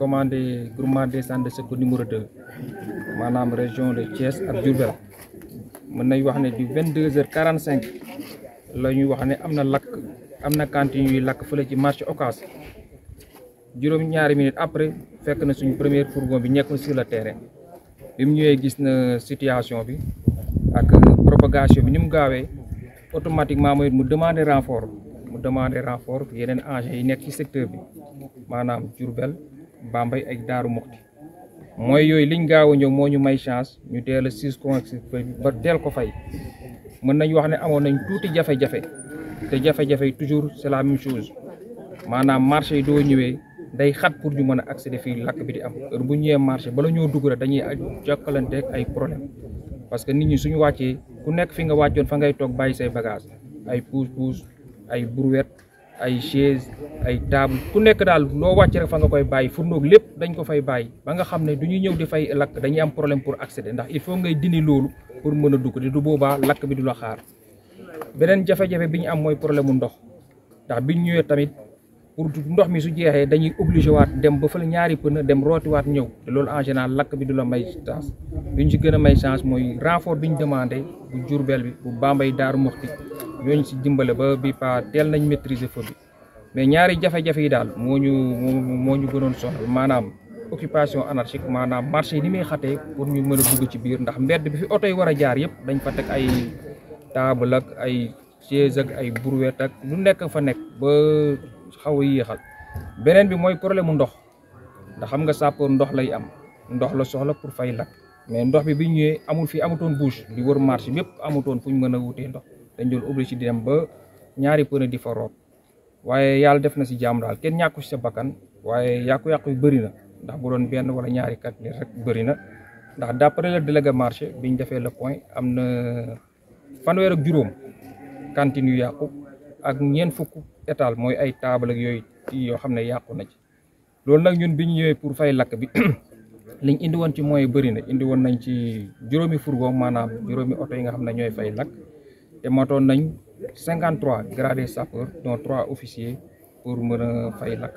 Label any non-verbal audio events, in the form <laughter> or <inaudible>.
commandé groupement des centres de secours numéro 2 maanaam région de Thiès ak Diourbel mën nañ wax ne di vingt deux heures quarante cinq la ñuy wax ne am na lakk am na cantine yuy lakk fële ci marché ocas juróom-ñaari minutes après fekk na suñu première fourgon bi nekk sur le terrain bi mu ñëwee gis na situation bi ak propagation bi ni mu gaawee automatiquement mooy mu demander renfort mu demander renfort yeneen engins yi nekk ci secteur bi maanaam Diourbel yi ay Daaru Muxti mooy yooyu liñ gaaw a ñëw moo ñu may chance ñu teel a six conseil ba deel ko fay mën nañu wax ne amoon nañ tuuti jafe-jafe te jafe-jafe toujours c'est la même chose maanaam marché yi doo ñëwee day xat pour ñu mën a de fii làkk bi di am heure bu ñëwee marché bala ñoo dugg rek dañuy jokkalante ak ay problème parce que nit ñi suñu wàccee ku nekk fi nga wàccoon fa ngay toog bàyyi say bagage ay pousse pousse ay brouette ay chaise ay table ku nekk daal loo wàcc rek fa nga koy bàyyi fourneau lépp dañ ko fay bàyyi ba nga xam ne du ñuy ñëw di fay lakk dañuy am problème pour accéder ndax il faut ngay dini loolu pour mën a dugg di du boobaa lakk bi du la xaar beneen jafe-jafe bi ñu am mooy problème mu ndox ndax bi ñu ñëwee tamit pour ndox mi su jeexee dañuy obligé waat dem ba fa ñaari pën dem rootiwaat ñëw te loolu en général lakk bi du la may chance bi ñu si gën a may chance mooy renfort bi ñu demandé bu bi bu Bambey Daaru Muxti ñooñu si dimbale ba bi pa teel nañ maîtriser feu bi mais ñaari jafe-jafe yi daal moo ñu moo ñu gënoon soxal maanaam occupation anarchique maanaam marché yi ni muy xate pour ñu mën a dugg ci biir ndax mbedd bi fi oto war a jaar yëpp dañ fa teg ay table ak ay chaise ak ay brouette ak lu nekk fa nekk ba xaw a yéexal beneen bi mooy problème mu ndox ndax xam nga sàppoor ndox lay am ndox la soxla pour fay lakk mais ndox bi bi ñëwee amul fi amutoon bouche bi wër marché yëpp amutoon fu ñu mën a wutee ndox dañ doon obligé di dem ba ñaari pneu di fa root waaye yàlla def na si jàmm daal kenn ñàkku si sa bakkan waaye yàqu-yàqu yu na ndax bu doon benn wala ñaari kat rek bëri na ndax d'après le délégué marché biñ defee le point am na fanweer ak juróom cantine yu yàqu ak ñeent fukk étal mooy ay table ak yooyu yoo xam ne yàqu na ci loolu nag ñun bi ñu ñëwee pour fay lakk bi <clears throat> liñ indi woon ci mooy bëri na indi woon nañ ci juróomi fourgon maanaam juróomi oto yi nga xam ne ñooy fay lakk te matoon nañ cinquante trois gradés sapeurs dont trois pour mën a fay lakk